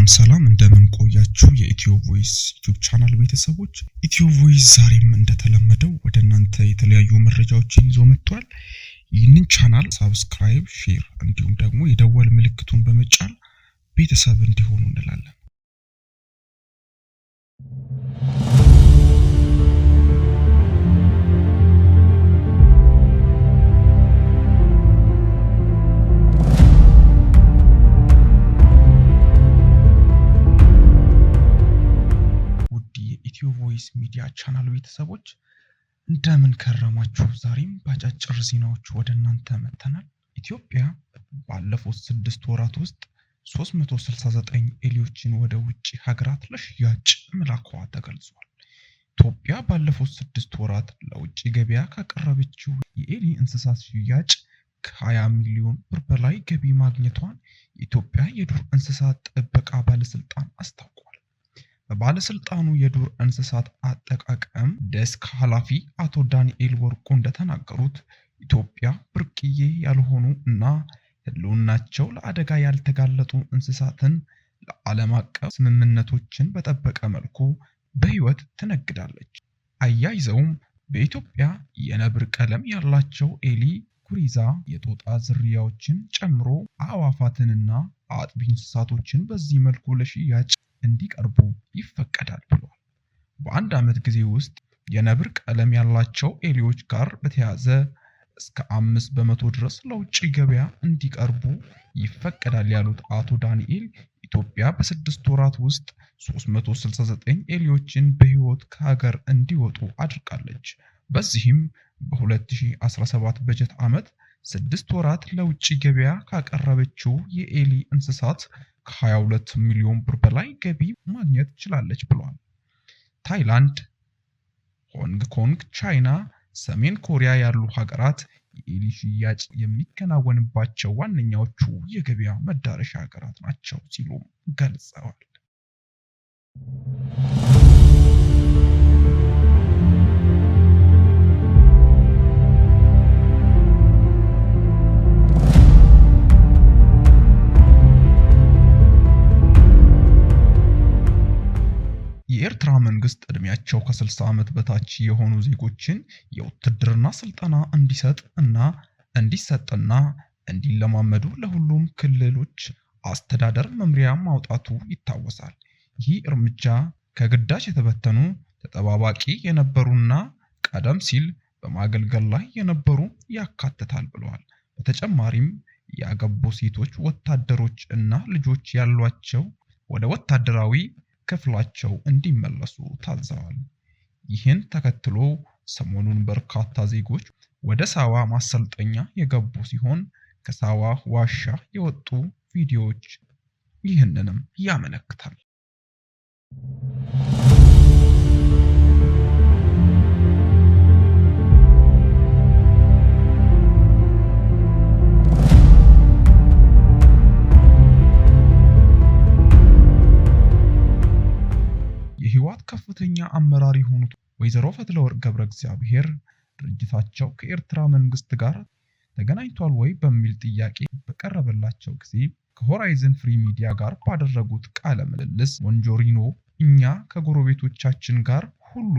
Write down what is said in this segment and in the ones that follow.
ሰላም ሰላም እንደምን ቆያችሁ የኢትዮ ቮይስ ዩቲዩብ ቻናል ቤተሰቦች። ኢትዮ ቮይስ ዛሬም እንደተለመደው ወደ እናንተ የተለያዩ መረጃዎችን ይዞ መጥቷል። ይህንን ቻናል ሳብስክራይብ፣ ሼር እንዲሁም ደግሞ የደወል ምልክቱን በመጫን ቤተሰብ እንዲሆኑ እንላለን። የቻናል ቤተሰቦች እንደምን ከረማችሁ? ዛሬም በአጫጭር ዜናዎች ወደ እናንተ መጥተናል። ኢትዮጵያ ባለፉት ስድስት ወራት ውስጥ 369 ኤሊዎችን ወደ ውጭ ሀገራት ለሽያጭ መላኳ ተገልጿል። ኢትዮጵያ ባለፉት ስድስት ወራት ለውጭ ገበያ ካቀረበችው የኤሊ እንስሳት ሽያጭ ከ20 ሚሊዮን ብር በላይ ገቢ ማግኘቷን የኢትዮጵያ የዱር እንስሳት ጥበቃ ባለስልጣን አስታውቋል። በባለስልጣኑ የዱር እንስሳት አጠቃቀም ደስክ ኃላፊ አቶ ዳንኤል ወርቁ እንደተናገሩት ኢትዮጵያ ብርቅዬ ያልሆኑ እና ሕልውናቸው ለአደጋ ያልተጋለጡ እንስሳትን ለዓለም አቀፍ ስምምነቶችን በጠበቀ መልኩ በሕይወት ትነግዳለች። አያይዘውም በኢትዮጵያ የነብር ቀለም ያላቸው ኤሊ ኩሪዛ የጦጣ ዝርያዎችን ጨምሮ አዕዋፋትንና አጥቢ እንስሳቶችን በዚህ መልኩ ለሽያጭ እንዲቀርቡ ይፈቀዳል ብሏል። በአንድ ዓመት ጊዜ ውስጥ የነብር ቀለም ያላቸው ኤሊዎች ጋር በተያያዘ እስከ አምስት በመቶ ድረስ ለውጭ ገበያ እንዲቀርቡ ይፈቀዳል ያሉት አቶ ዳንኤል ኢትዮጵያ በስድስት ወራት ውስጥ 369 ኤሊዎችን በሕይወት ከሀገር እንዲወጡ አድርጋለች። በዚህም በ2017 በጀት ዓመት ስድስት ወራት ለውጭ ገበያ ካቀረበችው የኤሊ እንስሳት ከ22 ሚሊዮን ብር በላይ ገቢ ማግኘት ችላለች ብሏል። ታይላንድ፣ ሆንግ ኮንግ፣ ቻይና፣ ሰሜን ኮሪያ ያሉ ሀገራት የኤሊ ሽያጭ የሚከናወንባቸው ዋነኛዎቹ የገበያ መዳረሻ ሀገራት ናቸው ሲሉም ገልጸዋል። መንግስት እድሜያቸው ከ60 ዓመት በታች የሆኑ ዜጎችን የውትድርና ስልጠና እንዲሰጥ እና እንዲሰጥና እንዲለማመዱ ለሁሉም ክልሎች አስተዳደር መምሪያ ማውጣቱ ይታወሳል። ይህ እርምጃ ከግዳጅ የተበተኑ ተጠባባቂ የነበሩና ቀደም ሲል በማገልገል ላይ የነበሩ ያካትታል ብለዋል። በተጨማሪም ያገቡ ሴቶች ወታደሮች እና ልጆች ያሏቸው ወደ ወታደራዊ ክፍላቸው እንዲመለሱ ታዘዋል። ይህን ተከትሎ ሰሞኑን በርካታ ዜጎች ወደ ሳዋ ማሰልጠኛ የገቡ ሲሆን ከሳዋ ዋሻ የወጡ ቪዲዮዎች ይህንንም ያመለክታል። ከፍተኛ አመራር የሆኑት ወይዘሮ ፈትለወርቅ ገብረ እግዚአብሔር ድርጅታቸው ከኤርትራ መንግስት ጋር ተገናኝቷል ወይ በሚል ጥያቄ በቀረበላቸው ጊዜ ከሆራይዘን ፍሪ ሚዲያ ጋር ባደረጉት ቃለ ምልልስ ሞንጆሪኖ እኛ ከጎረቤቶቻችን ጋር ሁሉ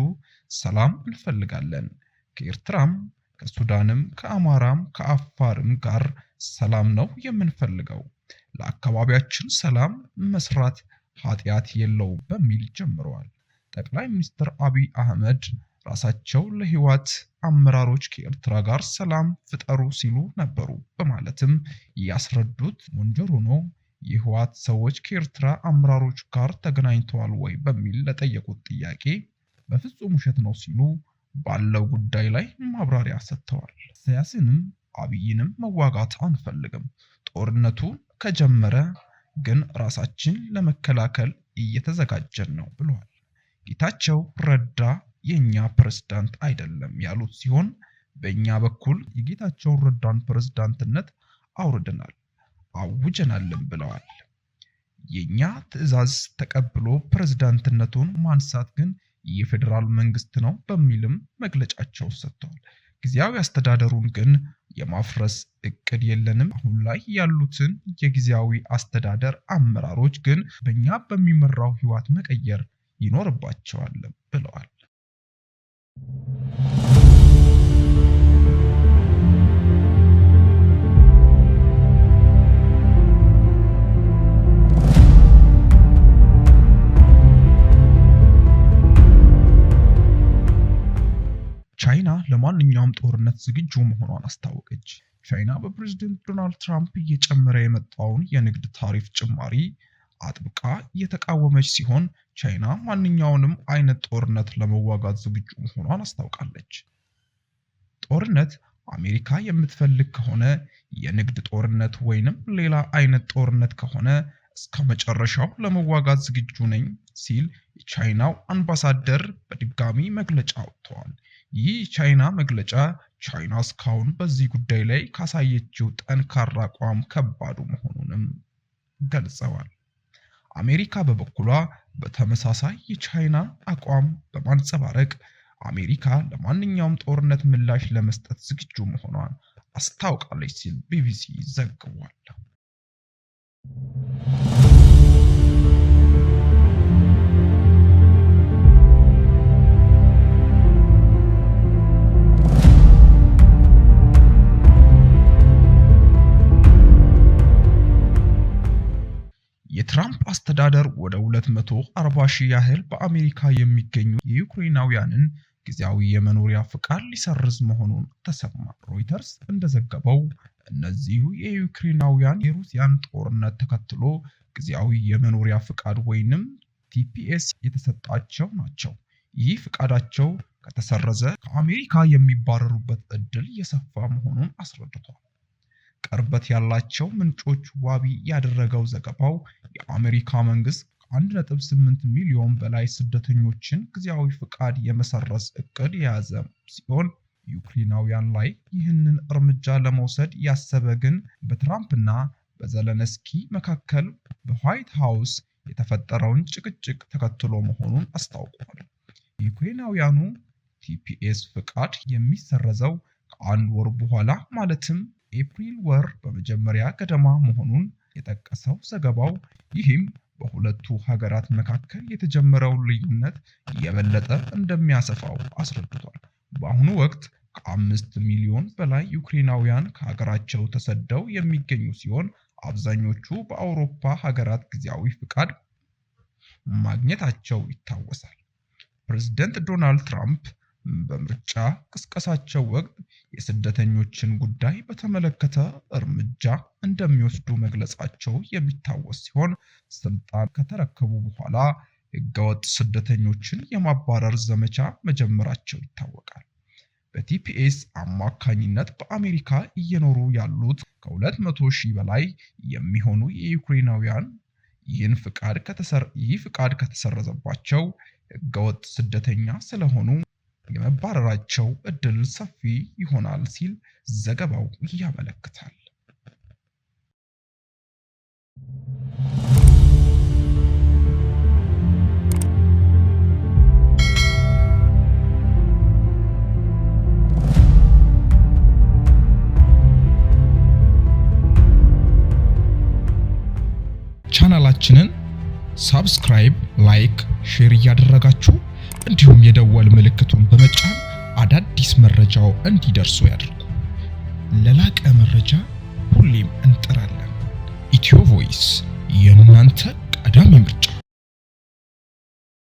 ሰላም እንፈልጋለን፣ ከኤርትራም፣ ከሱዳንም፣ ከአማራም፣ ከአፋርም ጋር ሰላም ነው የምንፈልገው። ለአካባቢያችን ሰላም መስራት ኃጢአት የለውም በሚል ጀምረዋል። ጠቅላይ ሚኒስትር አብይ አህመድ ራሳቸው ለህወሓት አመራሮች ከኤርትራ ጋር ሰላም ፍጠሩ ሲሉ ነበሩ በማለትም ያስረዱት ሆኖ የህወሓት ሰዎች ከኤርትራ አመራሮች ጋር ተገናኝተዋል ወይ በሚል ለጠየቁት ጥያቄ በፍጹም ውሸት ነው ሲሉ ባለው ጉዳይ ላይ ማብራሪያ ሰጥተዋል። ኢሳያስንም አብይንም መዋጋት አንፈልግም፣ ጦርነቱ ከጀመረ ግን ራሳችን ለመከላከል እየተዘጋጀን ነው ብለዋል። ጌታቸው ረዳ የእኛ ፕሬዝዳንት አይደለም ያሉት ሲሆን በእኛ በኩል የጌታቸውን ረዳን ፕሬዝዳንትነት አውርደናል አውጀናልም ብለዋል። የእኛ ትዕዛዝ ተቀብሎ ፕሬዝዳንትነቱን ማንሳት ግን የፌዴራል መንግስት ነው በሚልም መግለጫቸው ሰጥተዋል። ጊዜያዊ አስተዳደሩን ግን የማፍረስ እቅድ የለንም። አሁን ላይ ያሉትን የጊዜያዊ አስተዳደር አመራሮች ግን በእኛ በሚመራው ህወሓት መቀየር ይኖርባቸዋል ብለዋል። ቻይና ለማንኛውም ጦርነት ዝግጁ መሆኗን አስታወቀች። ቻይና በፕሬዝደንት ዶናልድ ትራምፕ እየጨመረ የመጣውን የንግድ ታሪፍ ጭማሪ አጥብቃ እየተቃወመች ሲሆን ቻይና ማንኛውንም አይነት ጦርነት ለመዋጋት ዝግጁ መሆኗን አስታውቃለች። ጦርነት አሜሪካ የምትፈልግ ከሆነ የንግድ ጦርነት ወይንም ሌላ አይነት ጦርነት ከሆነ እስከ መጨረሻው ለመዋጋት ዝግጁ ነኝ ሲል የቻይናው አምባሳደር በድጋሚ መግለጫ አውጥተዋል። ይህ የቻይና መግለጫ ቻይና እስካሁን በዚህ ጉዳይ ላይ ካሳየችው ጠንካራ አቋም ከባዱ መሆኑንም ገልጸዋል። አሜሪካ በበኩሏ በተመሳሳይ የቻይና አቋም በማንጸባረቅ አሜሪካ ለማንኛውም ጦርነት ምላሽ ለመስጠት ዝግጁ መሆኗን አስታውቃለች ሲል ቢቢሲ ዘግቧል። አስተዳደር ወደ 240 ሺህ ያህል በአሜሪካ የሚገኙ የዩክሬናውያንን ጊዜያዊ የመኖሪያ ፍቃድ ሊሰርዝ መሆኑን ተሰማ። ሮይተርስ እንደዘገበው እነዚሁ የዩክሬናውያን የሩሲያን ጦርነት ተከትሎ ጊዜያዊ የመኖሪያ ፍቃድ ወይንም ቲፒኤስ የተሰጣቸው ናቸው። ይህ ፍቃዳቸው ከተሰረዘ ከአሜሪካ የሚባረሩበት እድል የሰፋ መሆኑን አስረድቷል። ቅርበት ያላቸው ምንጮች ዋቢ ያደረገው ዘገባው የአሜሪካ መንግስት ከ1.8 ሚሊዮን በላይ ስደተኞችን ጊዜያዊ ፍቃድ የመሰረዝ እቅድ የያዘ ሲሆን ዩክሬናውያን ላይ ይህንን እርምጃ ለመውሰድ ያሰበ ግን በትራምፕና በዘለንስኪ መካከል በዋይት ሃውስ የተፈጠረውን ጭቅጭቅ ተከትሎ መሆኑን አስታውቋል። ዩክሬናውያኑ ቲፒኤስ ፍቃድ የሚሰረዘው ከአንድ ወር በኋላ ማለትም ኤፕሪል ወር በመጀመሪያ ገደማ መሆኑን የጠቀሰው ዘገባው ይህም በሁለቱ ሀገራት መካከል የተጀመረው ልዩነት የበለጠ እንደሚያሰፋው አስረድቷል። በአሁኑ ወቅት ከአምስት ሚሊዮን በላይ ዩክሬናውያን ከሀገራቸው ተሰደው የሚገኙ ሲሆን አብዛኞቹ በአውሮፓ ሀገራት ጊዜያዊ ፍቃድ ማግኘታቸው ይታወሳል። ፕሬዝደንት ዶናልድ ትራምፕ በምርጫ ቅስቀሳቸው ወቅት የስደተኞችን ጉዳይ በተመለከተ እርምጃ እንደሚወስዱ መግለጻቸው የሚታወስ ሲሆን ስልጣን ከተረከቡ በኋላ ህገወጥ ስደተኞችን የማባረር ዘመቻ መጀመራቸው ይታወቃል። በቲፒኤስ አማካኝነት በአሜሪካ እየኖሩ ያሉት ከ200 ሺህ በላይ የሚሆኑ የዩክሬናውያን ይህን ፍቃድ ከተሰረዘባቸው ህገወጥ ስደተኛ ስለሆኑ የመባረራቸው እድል ሰፊ ይሆናል ሲል ዘገባው ያመለክታል። ቻናላችንን ሳብስክራይብ፣ ላይክ፣ ሼር እያደረጋችሁ እንዲሁም የደወል ምልክቱን በመጫን አዳዲስ መረጃው እንዲደርሱ ያድርጉ። ለላቀ መረጃ ሁሌም እንጥራለን። ኢትዮ ቮይስ የእናንተ ቀዳሚ ምርጫ።